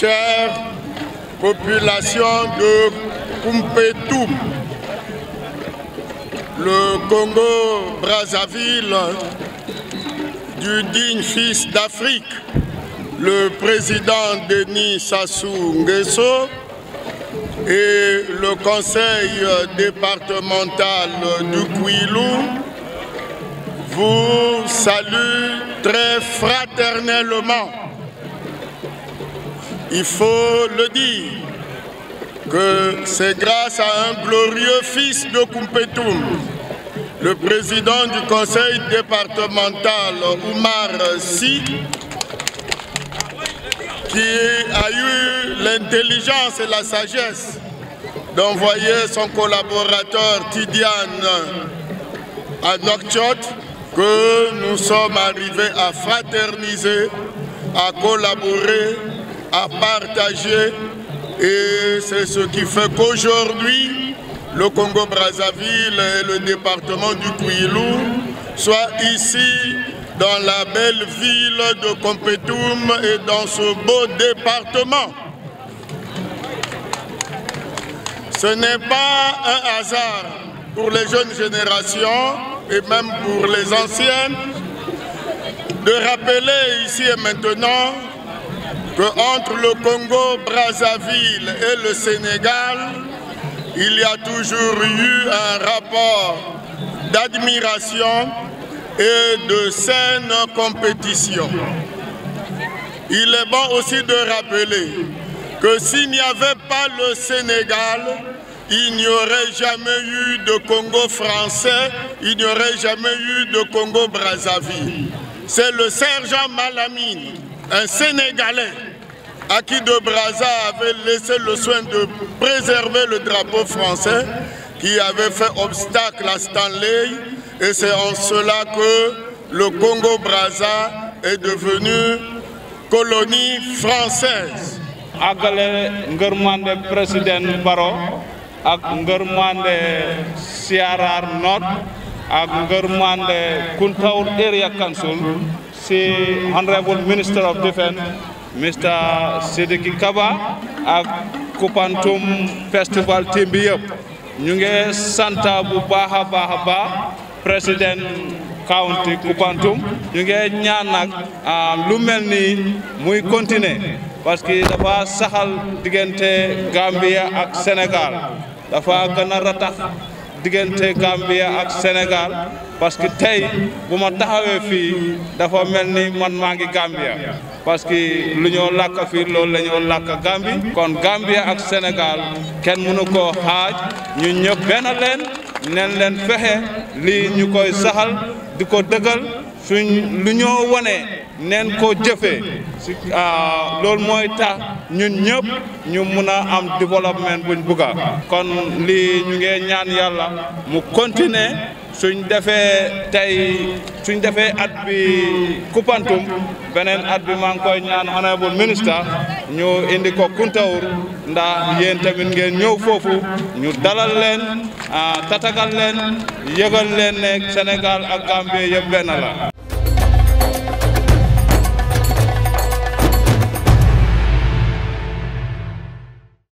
chère population de Kumpetoum, le Congo-Brazzaville du digne fils d'Afrique, le président Denis Sassou Nguesso et le conseil départemental du Kouilou vous salue très fraternellement il faut le dire, que c'est grâce à un glorieux fils de Kumpetoum, le président du conseil départemental Oumar Si, qui a eu l'intelligence et la sagesse d'envoyer son collaborateur Tidiane à Nokchot, que nous sommes arrivés à fraterniser, à collaborer à partager et c'est ce qui fait qu'aujourd'hui, le Congo-Brazzaville et le département du Kouilou soient ici dans la belle ville de Compétoum et dans ce beau département. Ce n'est pas un hasard pour les jeunes générations et même pour les anciennes de rappeler ici et maintenant entre le Congo, Brazzaville et le Sénégal, il y a toujours eu un rapport d'admiration et de saine compétition. Il est bon aussi de rappeler que s'il n'y avait pas le Sénégal, il n'y aurait jamais eu de Congo français, il n'y aurait jamais eu de Congo-Brazzaville. C'est le sergent Malamine un Sénégalais à qui de Braza avait laissé le soin de préserver le drapeau français qui avait fait obstacle à Stanley et c'est en cela que le Congo-Braza est devenu colonie française. président si Honorable Minister of Defense Mr Sidiki Kaba ak Koupantoum festival team bi yëpp ñu ngi santa bu baax a baax a baax président county ñu ngi ñaan nag ah, lu mel ni muy continuer parce que dafa saxal diggante Gambia ak Sénégal dafa gën a diggante Gambia ak Sénégal parce que tey bu ma taxawee fii dafa mel ni man maa ngi Gambia parce que lu ñoo làkk fii loolu la ñoo làkk Gambi kon Gambia ak Sénégal kenn mënu koo xaaj ñu ñëpp benn leen fexe lii ñu koy saxal di ko dëggal suñ lu ñoo wane neen ko jëfe si ah, loolu mooy tax ñun ñëpp ñu mun a am développement buñ bugga kon li ñu ngee ñaan yàlla mu continuer suñ defee tey suñ defee at bi Koupantoum beneen at bi maa ngi koy ñaan honorable minister ñu indi ko Kuntaur nda yéen tamit ngeen ñëw foofu ñu dalal leen ah, tatagal leen yëgal leen ne ak Gambie yëpp benn